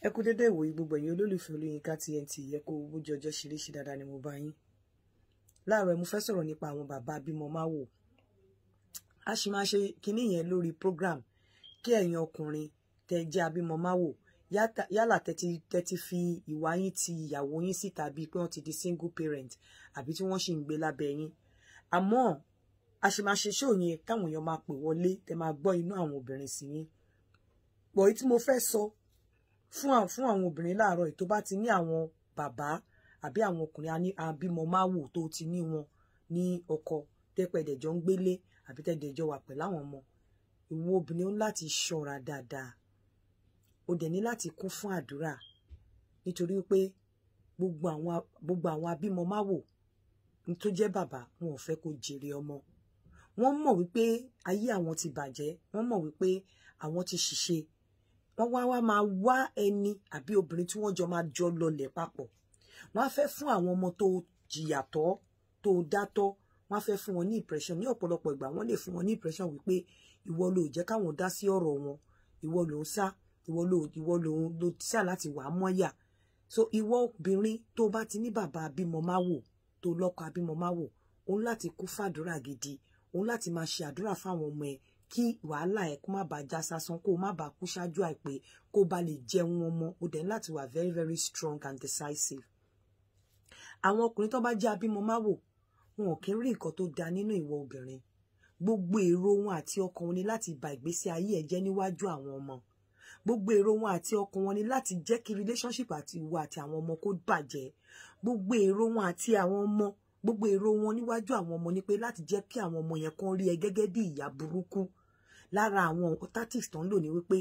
ẹ kú dédé ìwòyí gbogbo ẹ̀yin olólùfẹ́ Olóyinka TNT ẹ kú bójú ọjọ́ ṣeréṣe dáadáa ni mo bá yín láàárọ̀ mo fẹ́ sọ̀rọ̀ nípa àwọn bàbá bímọ máa wò a sì máa ṣe kinní yẹn lórí program kí ẹ̀yin ọkùnrin tẹ jẹ́ abímọ máa wò yálà tẹ́tí fi ìwà yín ti ìyàwó yín síta bíi pé wọ́n ti di single parent àbí tí wọ́n sì ń gbé lábẹ́ yín àmọ́ a sì máa ṣe ṣóò yẹn táwọn èèyàn máa pè wọlé tẹ máa gbọ́ inú àwọn obìnrin sí yín pọ̀ tí mo fẹ́ sọ so, fún àwọn fún àwọn obìnrin láàárọ̀ èyí tó bá ti ní àwọn bàbá àbí àwọn ọkùnrin àbímọ máa wò tó ti ní wọn ní ọkọ tẹpẹdẹjọ ń gbélé àbí tẹdẹjọ wà pẹ̀lú àwọn ọmọ ìwọ obìnrin ń láti ṣọ́ra dáadáa o dẹ̀ ní láti kún fún àdúrà nítorí pé gbogbo àwọn gbogbo àwọn abímọ máa wò tó jẹ́ bàbá wọn ò fẹ́ kó jèrè ọmọ wọ́n mọ̀ wípé ayé àwọn ti bàjẹ́ wọ́n mọ̀ wípé àwọn ti ṣìṣe wọ́n wá wá máa wá ẹni àbí obìnrin tí wọ́n jọ máa jọ lọlẹ̀ papọ̀ wọ́n á fẹ́ fún àwọn ọmọ tó jìyà tọ́ tó dátọ́ wọ́n á fẹ́ fún wọn ní impression ní ọ̀pọ̀lọpọ̀ ìgbà wọ́n lè fún wọn ní impression wípé ìwọ ló jẹ́ káwọn dá sí ọ̀rọ̀ wọn ìwọ ló ń sá ìwọ ló ìwọ ló ló sá láti wà mọ́yà so ìwọ obìnrin tó bá ti ní bàbá abímọ máa wò tó lọ́kọ abímọ máa wò òun láti kún fàdúrà gidi òun láti máa ṣe àdúrà fáwọn ọmọ ẹ̀ kí wàhálà ẹ kó má bàa já sásán kó má bàa kú ṣáájú àìpé kó bá lè jẹun ọmọ ó dẹ̀ láti wà very very strong and decisive. àwọn ọkùnrin tó bá jẹ́ abímọ má wò wọn ò kí ń rí nǹkan tó da nínú ìwọ obìnrin gbogbo èrò wọn àti ọkàn wọn ni láti ba ìgbésí ayé ẹ jẹ́ níwájú àwọn ọmọ gbogbo èrò wọn àti ọkàn wọn ni láti jẹ́ kí relationship àti ìwọ àti àwọn ọmọ kó bàjẹ́ gbogbo èrò wọn àti àwọn ọmọ gbogbo èrò wọn níwájú àwọn ọmọ ni pé láti jẹ́ kí àwọn ọmọ yẹn kan rí ẹ gẹ́gẹ́ bí ìyá burúkú lára àwọn tactics tó ń lò ní wípé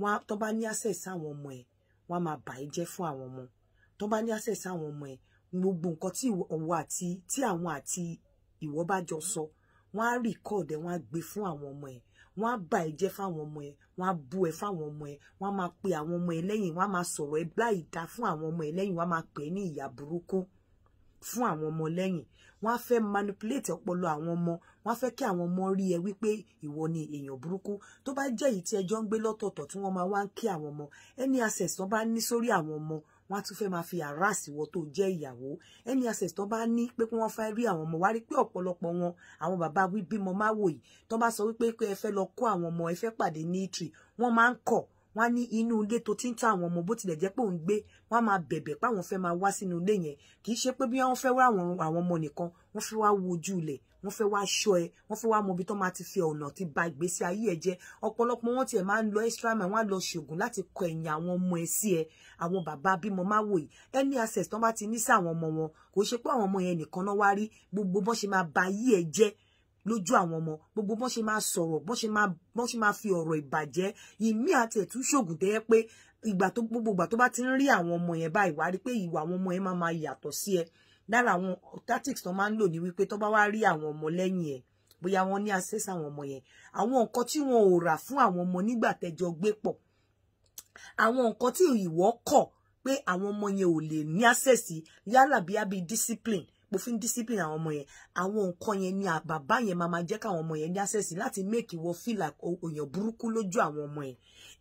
wọn tó bá ní access àwọn ọmọ ẹ wọn máa bà ẹ́ jẹ́ fún àwọn ọmọ tó bá ní access àwọn ọmọ ẹ gbogbo nǹkan tí ìwọ àti tí àwọn àti ìwọ bá jọ sọ wọn á record ẹ wọn á gbé fún àwọn ọmọ ẹ wọn á bà ẹ́ jẹ́ fáwọn ọmọ ẹ wọn á bú ẹ fáwọn ọmọ ẹ wọn á máa pe àwọn ọmọ ẹ lẹ́yìn wọn á máa sọ̀rọ̀ ẹ bláì dá fún àwọn ọmọ ẹ lẹ́yìn wọn á máa pè é ní ìyà burúkú fún àwọn ọmọ lẹ́yìn wọ́n á fẹ́ manipulate ọpọlọ àwọn ọmọ wọ́n á fẹ́ kí àwọn ọmọ rí ẹ wípé ìwọ ni èèyàn burúkú tó bá jẹ́ èyí tí ẹjọ́ ń gbé lọ́tọ̀ọ̀tọ̀ tí wọ́n máa wá ń kí àwọn ọmọ ẹni access tó bá ní sórí àwọn ọmọ wọ́n á tún fẹ́ máa fi àráàsì wọ tó jẹ́ ìyàwó ẹni access tó bá ní pé kí wọ́n fẹ́ rí àwọn ọmọ wá rí pé ọ̀pọ̀lọpọ̀ wọn àwọn bàbá wí bímọ máa wò yìí tó bá sọ wípé ẹ fẹ́ lọ kó àwọn ọmọ ẹ fẹ́ pàdé ní ìtì wọ́n máa ń kọ̀ wọ́n á ní inú ilé tó ti ń ta àwọn ọmọ bó tilẹ̀ jẹ́ pé òun gbé wọ́n á máa bẹ̀bẹ̀ pé àwọn fẹ́ máa wá sínú ilé yẹn kì í ṣe pé bí wọ́n fẹ́ wá àwọn ọmọ nìkan wọ́n fẹ́ wá wo ojú ilẹ̀ wọ́n fẹ́ wá ṣọ́ ẹ wọ́n fẹ́ wá mọ ibi tó máa ti fi ọ̀nà ti ba ìgbésí ayé ẹ jẹ́ ọ̀pọ̀lọpọ̀ wọn tiẹ̀ máa ń lọ extra mile wọ́n á lọ ṣègùn láti kọ ẹ̀yìn àwọn ọmọ ẹ sí ẹ àwọn bàbá bímọ má wò yìí any access tán bá ti ní sí àwọn ọmọ wọn kò ṣe pé àwọn ọmọ yẹn nìkan náà wá rí gbogbo bọ́n ṣe máa ba ayé ẹ jẹ́ lójú àwọn ọmọ gbogbo bọ́n ṣe máa sọ̀rọ̀ bọ́n ṣe máa fi ọ̀rọ̀ ìbàjẹ́ ìmí àti ẹ̀tún ṣògùn tẹ́ pé ìgbà tó gbogbo ìgbà tó bá ti ń rí àwọn ọmọ yẹn báyìí wá rí pé ìwà àwọn ọmọ yẹn máa máa yàtọ̀ sí ẹ lára àwọn tactics tó máa ń lò ní wípé tó bá wá rí àwọn ọmọ lẹ́yìn ẹ̀ bóyá wọ́n ní access àwọn ọmọ yẹn àwọn nǹkan tí wọn ò rà fún àwọn ọmọ nígbà tẹ́jọ gbé pọ̀ àwọn nǹkan tí ìwọ kọ̀ pé àwọn ọmọ yẹn ò lè ní access yálà bí abí discipline mo fi ń discipline àwọn ọmọ yẹn àwọn nǹkan yẹn ni àbàbá yẹn máa máa jẹ́ káwọn ọmọ yẹn ní access láti make ìwọ feel like òyàn burúkú lójú àwọn ọmọ yẹn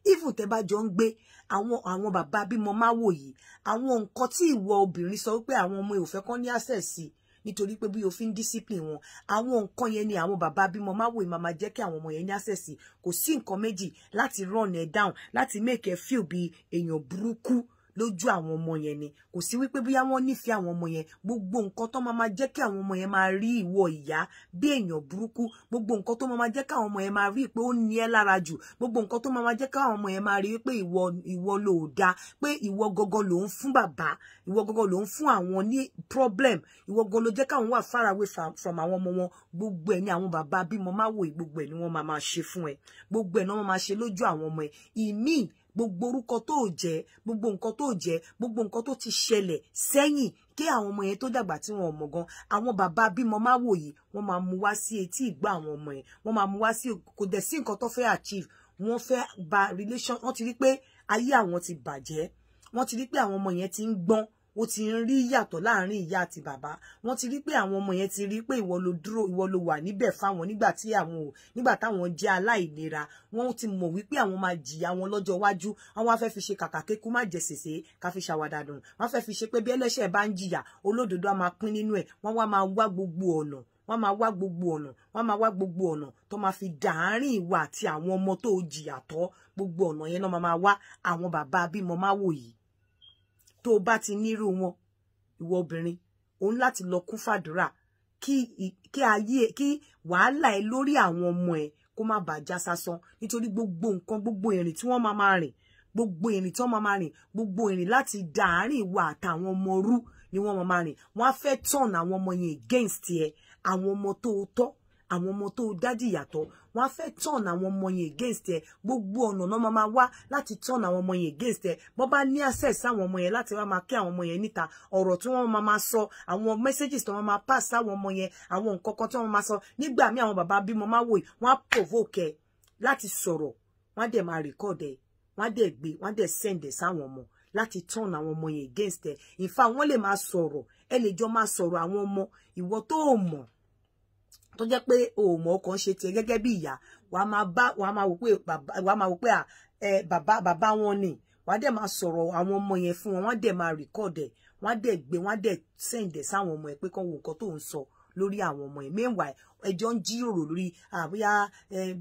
even tẹ́ bá jọ ń gbé àwọn àwọn bàbá bímọ máa wò yìí àwọn nǹkan tí ìwọ obìnrin sọ pé àwọn ọmọ yẹn ò fẹ́ kán ní access sí nítorí pé bí o fi ń discipline wọn àwọn nǹkan yẹn ni àwọn bàbá bímọ máa wò ìmọ̀ máa jẹ́ kí àwọn ọmọ yẹn ní access kò sí nǹkan méjì láti run ẹ down láti make ẹ feel bí èèyàn burúkú lójú àwọn ọmọ yẹn ni kò sí wípé bóyá wọ́n nífẹ̀ẹ́ àwọn ọmọ yẹn gbogbo nǹkan tó máa jẹ́ kí àwọn ọmọ yẹn máa rí ìwọ ìyá bí èèyàn burúkú gbogbo nǹkan tó máa jẹ́ kí àwọn ọmọ yẹn máa rí pé ó ní ẹ́ lára jù gbogbo nǹkan tó máa jẹ́ kí àwọn ọmọ yẹn máa rí pé ìwọ ìwọ ló dá pé ìwọ gọgọ ló ń fún bàbá ìwọ gọgọ ló ń fún àwọn ní problem ìwọ gọgọ ló jẹ́ káwọn wà far away from àwọn ọmọ wọn gbogbo ẹ̀ ni àwọn bàbá bímọ máa wò gbogbo ẹ̀ ni wọ́n máa máa ṣe fún ẹ gbogbo ẹ̀ náà wọ́n máa ṣe lójú àwọn ọmọ ẹ ìmíì gbogbo orúkọ tó jẹ́ gbogbo nǹkan tó jẹ́ gbogbo nǹkan tó ti ṣẹlẹ̀ sẹ́yìn kí àwọn ọmọ yẹn tó dàgbà tí wọn ò mọ̀ gan àwọn bàbá bímọ má wòye wọ́n máa mú wá sí etí ìgbà àwọn ọmọ yẹn wọ́n máa mú wá sí kò dẹ̀ sí nǹkan tó fẹ́ achieve wọ́n fẹ́ ba relation wọ́n ti rí pé ayé àwọn ti bàjẹ́ wọ́n ti rí pé àwọn ọmọ yẹn ti ń gbọ́n wọ́n ti ń rí yàtọ̀ láàrin ìyá àti bàbá wọ́n ti rí pé àwọn ọmọ yẹn ti rí pé ìwọ ló dúró ìwọ ló wà níbẹ̀ fáwọn nígbà tí àwọn ò nígbà táwọn jẹ́ aláìlera wọ́n ti mọ̀ wípé àwọn máa jìyà wọn lọ́jọ́ iwájú àwọn á fẹ́ fi ṣe kàkà kékú má jẹ sèse ká fi ṣàwàdà dùn wọ́n fẹ́ fi ṣe pé bí ẹlẹ́ṣẹ̀ bá ń jìyà olódodo á máa pín nínú ẹ̀ wọ́n wá máa wá gbogbo ọ̀nà wọ́n máa wá gbogbo ọ̀nà wọ́n máa wá gbogbo ọ̀nà tó máa fi dàárín ìwà àti àwọn ọmọ tó jìyà tọ́ gbogbo ọ̀nà yẹn náà máa wá àwọn bàbá bímọ máa wò yìí tó bá ti nírú wọn ìwọ obìnrin òun láti lọ kún fàdúrà kí kí ayé kí wàhálà ẹ lórí àwọn ọmọ ẹ kó má bàa já sásán nítorí gbogbo nǹkan gbogbo ìrìn tí wọ́n máa máa rìn gbogbo ìrìn tí wọ́n máa máa rìn gbogbo ìrìn láti dà àárín ìwà àtàwọn ọmọ rú ni wọ́n máa máa rìn wọ́n á fẹ́ turn àwọn ọmọ yẹn against ẹ àwọn ọmọ tó tọ́ àwọn ọmọ tó dádì yàtọ̀ wọ́n á fẹ́ turn àwọn ọmọ yẹn against ẹ gbogbo ọ̀nà náà máa wá láti turn àwọn ọmọ yẹn against ẹ bọ́ bá ní access àwọn ọmọ yẹn láti wá máa kí àwọn ọmọ yẹn níta ọ̀rọ̀ tí wọ́n máa sọ àwọn messages tí wọ́n máa pass àwọn ọmọ yẹn àwọn nǹkan kan tí wọ́n máa sọ nígbà míì àwọn bàbá bímọ máa wò wọ́n á provoke ẹ láti sọ̀rọ̀ wọ́n á dẹ̀ máa record ẹ wọ́n á dẹ̀ gbé wọ́n á dẹ̀ send ẹ sáwọn ọmọ láti turn àwọn ọmọ yẹn against ẹ in wọ́n lè máa sọ̀rọ̀ ẹ lè jọ máa sọ̀rọ̀ àwọn ọmọ ìwọ tó mọ̀ tó jẹ́ pé òmò kan ṣe tiẹ̀ gẹ́gẹ́ bí ìyá wàá máa bá wàá máa wò pé ma máa wò pé bàbá bàbá wọn ni wàá dẹ̀ máa sọ̀rọ̀ àwọn ọmọ yẹn fún wọn wọ́n dẹ̀ máa rìkọ́ọ̀dẹ̀ wọ́n dẹ̀ gbé wọ́n dẹ̀ sẹ́ǹdẹ̀ sáwọn ọmọ ẹ̀ pé kán wo nǹkan tó ń lórí àwọn ọmọ ẹ̀ meanwhile ẹjọ́ ń jíròrò lórí àbúyá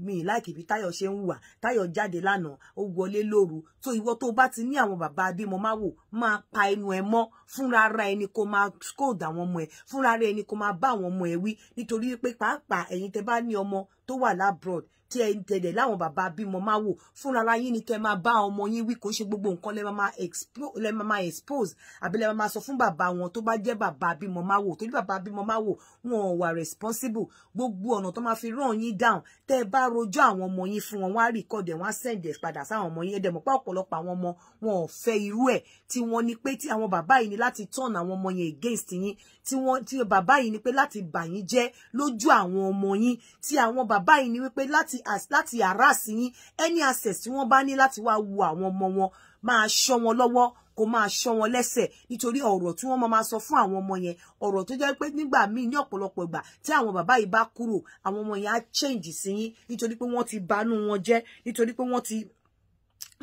mi láìkì bí táyọ̀ ṣe ń wà táyọ̀ jáde lánàá ó wọlé lóru tó ìwọ tó bá ti ní àwọn bàbá adémọmáwò máa pa ẹnu ẹ mọ́ fúnra ara ẹni kó máa scold àwọn ọmọ ẹ fúnra ara ẹni kó máa bá àwọn ọmọ ẹ wí nítorí pé pàápàá ẹ̀yin tẹ́ bá ní ọmọ tó wà lábroad tí ẹ ń tẹ̀lé láwọn bàbá bímọ máa wò fúnra ara yín ni kẹ́ máa bá ọmọ yín wí kò ṣe gbogbo nǹkan lẹ́ máa expose àbí lẹ́ máa sọ fún bàbá wọn tó bá jẹ́ bàbá bímọ máa wò torí bàbá bímọ máa wò wọn wà responsible gbogbo ọ̀nà tó máa fi ràn yín down tẹ́ ẹ bá rojọ́ àwọn ọmọ yín fún wọn wọ́n á record ẹ̀ wọ́n á send ẹ̀ padà sáwọn ọmọ yín ẹ̀dẹ̀ mọ̀ pa ọ̀pọ̀lọpọ̀ àwọn ọmọ wọn ò fẹ́ irú ẹ̀ tí wọ́n ní pé tí àwọn bàbá yìí ní láti turn àwọn ọmọ yẹn against yín tí wọ́n tí bàbá yìí ní pé láti bà yín jẹ́ lójú àwọn ọmọ yín tí àwọn bàbá yìí ní wípé láti láti àràsì yín any access tí wọ́n bá ní láti wá wo àwọn ọmọ wọn máa ṣọ́ wọn lọ́wọ́ kò máa ṣọ́ wọn lẹ́sẹ̀ nítorí ọ̀rọ̀ tí wọ́n máa sọ fún àwọn ọmọ yẹn ọ̀rọ̀ tó jẹ́ pé nígbà míì ní ọ̀pọ̀lọpọ̀ ìgbà tí àwọn bàbá yìí bá kúrò àwọn ọmọ yẹn á change sí yín nítorí pé wọ́n ti banú wọn jẹ́ nítorí pé wọ́n ti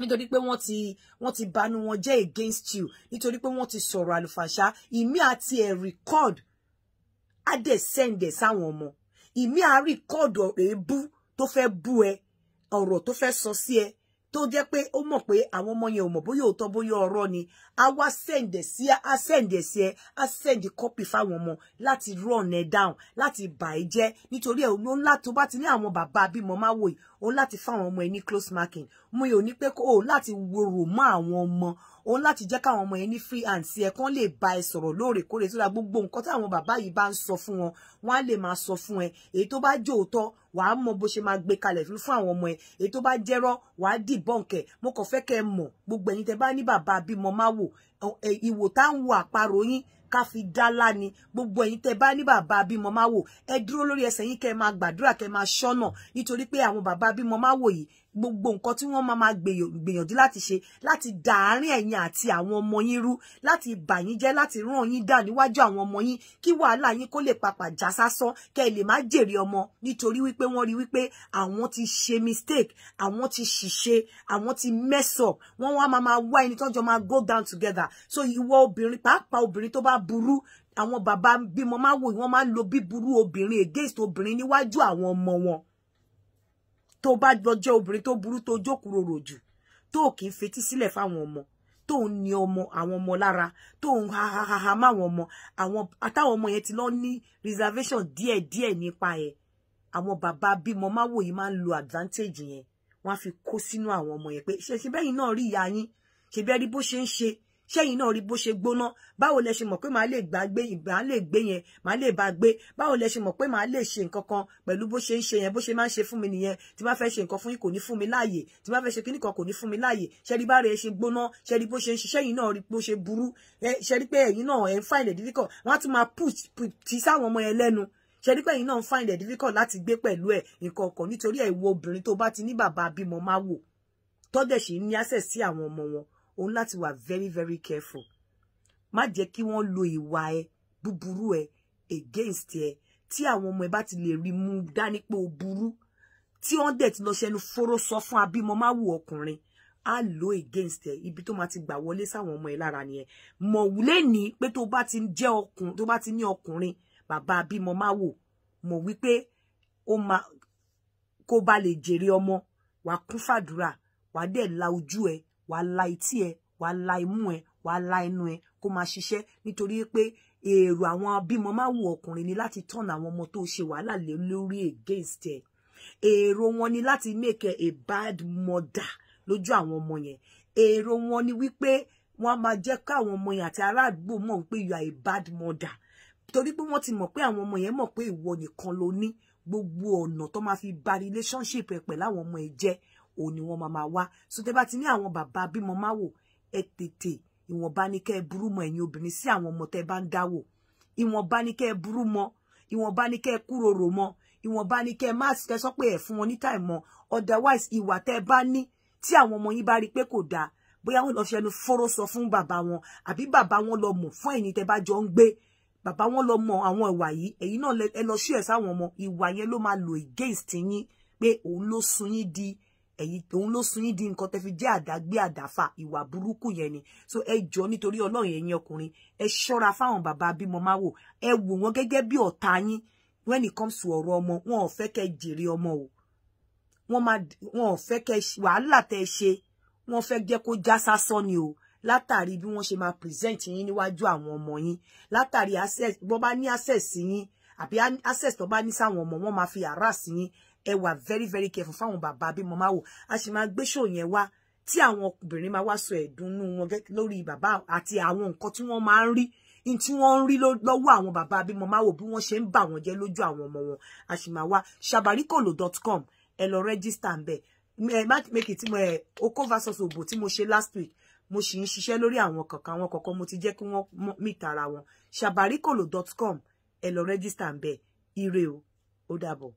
nítorí pé wọ́n ti wọ́n ti banú wọn jẹ́ against you nítorí pé wọ́n ti sọ̀rọ̀ àlùfàṣà ìmí àti ẹ̀ record á dẹ̀ send ẹ̀ sáwọn ọmọ ìmí á record ọ̀rọ̀ èébú To fe bú ẹ ọ̀rọ̀ tó fẹ́ sọ sí ẹ tó jẹ́ pé ó mọ̀ pé àwọn ọmọ yẹn ò mọ̀ bóyá òótọ́ bóyá ọ̀rọ̀ ni a wá sẹǹdẹ sí a sẹǹdẹ sí ẹ a sẹǹdì kọ́pì fáwọn ọmọ láti run ẹ down láti bà ẹ jẹ́ nítorí ẹ ló ńlá tó bá ti ní àwọn bàbá bímọ máa wò yìí o láti fáwọn ọmọ ẹ eni close marking mo yóò ní pé o láti wòrò mọ́ àwọn ọmọ o láti jẹ́ káwọn ọmọ ẹ ní free hand sí ẹ le lè bá ẹ sọ̀rọ̀ lóòrèkóòrè tó ra gbogbo nǹkan táwọn bàbá yìí bá ń sọ fún wọn wọn á lè máa sọ fún ẹ èyí tó bá jẹ́ òótọ́ wàá mọ bó ṣe máa gbé kalẹ̀ fún àwọn ọmọ ẹ èyí tó bá wa wàá dìbọ̀nkẹ̀ mo kàn fẹ́ kẹ́ ẹ gbogbo ẹ̀yin tẹ bá ní bàbá bímọ máa wò ìwò tá ń wo àparò yín ká fi dá láni gbogbo ẹ̀yin tẹ́ bá ní bàbá bímọ máa wò ẹ dúró lórí ẹsẹ̀ yín kẹ́ máa gbàdúrà kẹ́ máa ṣọ́nà nítorí pé àwọn bàbá bímọ máa wò yìí gbogbo nǹkan tí wọ́n máa máa gbìyànjú láti ṣe láti dà àárín ẹ̀yin àti àwọn ọmọ yín rú láti bà yín jẹ́ láti ràn yín dà níwájú àwọn ọmọ yín kí wàhálà yín kó lè papà já sásán kẹ́ ẹ lè má jèrè ọmọ nítorí wípé wọ́n rí wípé àwọn ti ṣe mistake àwọn ti ṣìṣe àwọn ti mess up wọ́n wá máa máa wá ẹni tó jọ máa go down together so ìwọ obìnrin pàápàá obìnrin tó bá burú àwọn bàbá bímọ máa wò wọ́n máa lo bíburú obìnrin against obìnrin níwájú àwọn ọmọ wọn tó bá jọ jẹ́ obìnrin tó burú tó jókòó ròjù tó kì í fetí sílẹ̀ fáwọn to tó ń ní ọmọ àwọn ọmọ lára tó ń ha ha ha ha máwọn ọmọ àwọn àtàwọn ọmọ yẹn ti lọ ni reservation díẹ̀ díẹ̀ nípa ẹ àwọn bàbá bímọ máwò yìí máa ń lo advantage yẹn wọ́n á fi kó sínú àwọn ọmọ yẹn pé ṣe ṣe bẹ́yìn náà rí ìyá yín ṣe bẹ́ẹ̀ rí bó ṣe ń ṣẹ́yìn náà rí bó ṣe gbóná báwo lẹ ṣe mọ̀ pé màá lè gbàgbé màá lè gbé yẹn màá lè bá gbé báwo lẹ ṣe mọ̀ pé màá lè ṣe nǹkan kan pẹ̀lú bó ṣe ń ṣe yẹn bó ṣe máa ń ṣe fún mi nìyẹn tí bá fẹ́ ṣe nǹkan fún yín kò ní fún mi láàyè tí bá fẹ́ ṣe kíní kan kò ní fún mi láàyè ṣẹ́rí bá rẹ̀ ṣe gbóná ṣẹ́rí bó ṣe ń ṣe ṣẹ́yìn náà rí bó ṣe burú ṣẹ́rí pé ẹ̀yin náà ẹ̀ ń fà ilẹ̀ dídíkọ̀ wọ́n á tún máa push ti sáwọn ọmọ yẹn lẹ́nu ṣẹ́rí pé ẹ̀yin náà ń fà ilẹ̀ dídíkọ̀ láti gbé pẹ̀lú ẹ̀ nǹkan ọkọ̀ nítorí ẹ̀ wo obìnrin tó bá ti ní bàbá bímọ máa wò tọ́dẹ̀ sì ní access sí àwọn ọmọ wọn òun láti wà very very careful má jẹ́ kí wọ́n lo ìwà ẹ búburú ẹ against ẹ tí àwọn ọmọ ẹ bá ti lè rí mú dání pé o burú tí wọ́n dẹ̀ ti lọ ṣẹnu fóró sọ fún abímọ má wù ọkùnrin á lò against ẹ ibi tó máa ti gbà wọlé sáwọn ọmọ ẹ lára nìyẹn mọ̀ wúlé ní pé tó bá ti jẹ́ ọkùnrin tó bá ti ní ọkùnrin bàbá abímọ má wò mọ̀ wípé ó máa kó ba lè jèrè ọmọ wàá kún fàdúrà wàá dẹ̀ la ojú ẹ wàá la etí ẹ wàá la imú ẹ wàá la ẹnu ẹ kó máa ṣiṣẹ́ nítorí pé èrò àwọn abímọ máa wù ọkùnrin ni láti tọ́nà àwọn ọmọ tó ṣe wàhálà lé lórí against ẹ èrò wọn ni láti make a bad mother lójú àwọn ọmọ yẹn èrò wọn ni wípé wọn máa jẹ́ káwọn ọmọ yẹn àti ará àdúgbò mọ̀ you are a bad mother torí pé wọ́n ti mọ̀ pé àwọn ọmọ yẹn mọ̀ pé ìwọ nìkan ló ní gbogbo ọ̀nà tó máa fi ba relationship ẹ pẹ̀lú àwọn ọmọ ẹ jẹ́ O ni wọ́n máa máa wá so tẹ́ bá ti ní àwọn bàbá bímọ máa wò ẹ tètè ìwọ̀nba ní kẹ́ ẹ burú mọ ẹ̀yin obìnrin sí àwọn ọmọ tẹ́ bá ń dáwò ìwọ̀nba ní kẹ́ ẹ burú mọ ìwọ̀nba ní kẹ́ ẹ kúròrò mọ ìwọ̀nba ní kẹ́ ẹ má ṣe sọ pé ẹ fún wọn ní táì otherwise ìwà tẹ́ bá ní tí àwọn ọmọ yín bá rí pé kò dáa bóyá wọn lọ fi ẹnu fọ́rọ̀ sọ fún bàbá wọn àbí bàbá wọn lọ mọ̀ fún ẹ̀yin tẹ́ bá jọ ń gbé bàbá wọn lọ mọ̀ àwọn ìwà yìí ẹ̀yin náà ẹ lọ ṣú ẹ sáwọn ọmọ ìwà yẹn ló máa lò against yín pé òun ló sun yín di ẹ̀yin òun ló sún yín di nǹkan tẹ́ fi jẹ́ àdágbé àdáfà ìwà burúkú yẹn ni so ẹ jọ nítorí ọlọ́run ẹ̀yin ọkùnrin ẹ ṣọ́ra fáwọn bàbá abímọ máa wò ẹ wò wọ́n gẹ́gẹ́ bí ọ̀tá yín when it comes to ọ̀rọ̀ ọmọ wọn ò fẹ́ kẹ́ jèrè ọmọ o wọn máa wọn ò fẹ́ kẹ́ wàhálà tẹ́ ṣe wọn fẹ́ jẹ́ kó já sásán ni o látàrí bí wọ́n ṣe máa present yín níwájú àwọn ọmọ yín látàrí access bó bá ní access yín àbí access tó bá ní sáwọn ọmọ wọn máa fi harass yín ẹ wà very very careful fáwọn bàbá bí mo mama, wò a sì máa gbé ṣò yẹn wá tí àwọn obìnrin máa wá sọ ẹ̀dùnnú wọn lórí bàbá àti àwọn nǹkan tí wọ́n máa ń rí in tí wọ́n ń rí lọ́wọ́ àwọn bàbá bí mo máa wò bí wọ́n ṣe ń bà wọ́n jẹ́ lójú àwọn ọmọ wọn a sì máa wá sabarikolo.com ẹ lọ rẹ́gísítà ń make it oko versus obo tí mo ṣe last week mo sì ń ṣiṣẹ́ lórí àwọn kọ̀ọ̀kan àwọn kọ̀ọ̀kan mo ti jẹ́ kí wọ́n mì tara wọn sabarikolo.com ẹ lọ rẹ́gísítà ń bẹ̀ ire o ó dàbọ̀.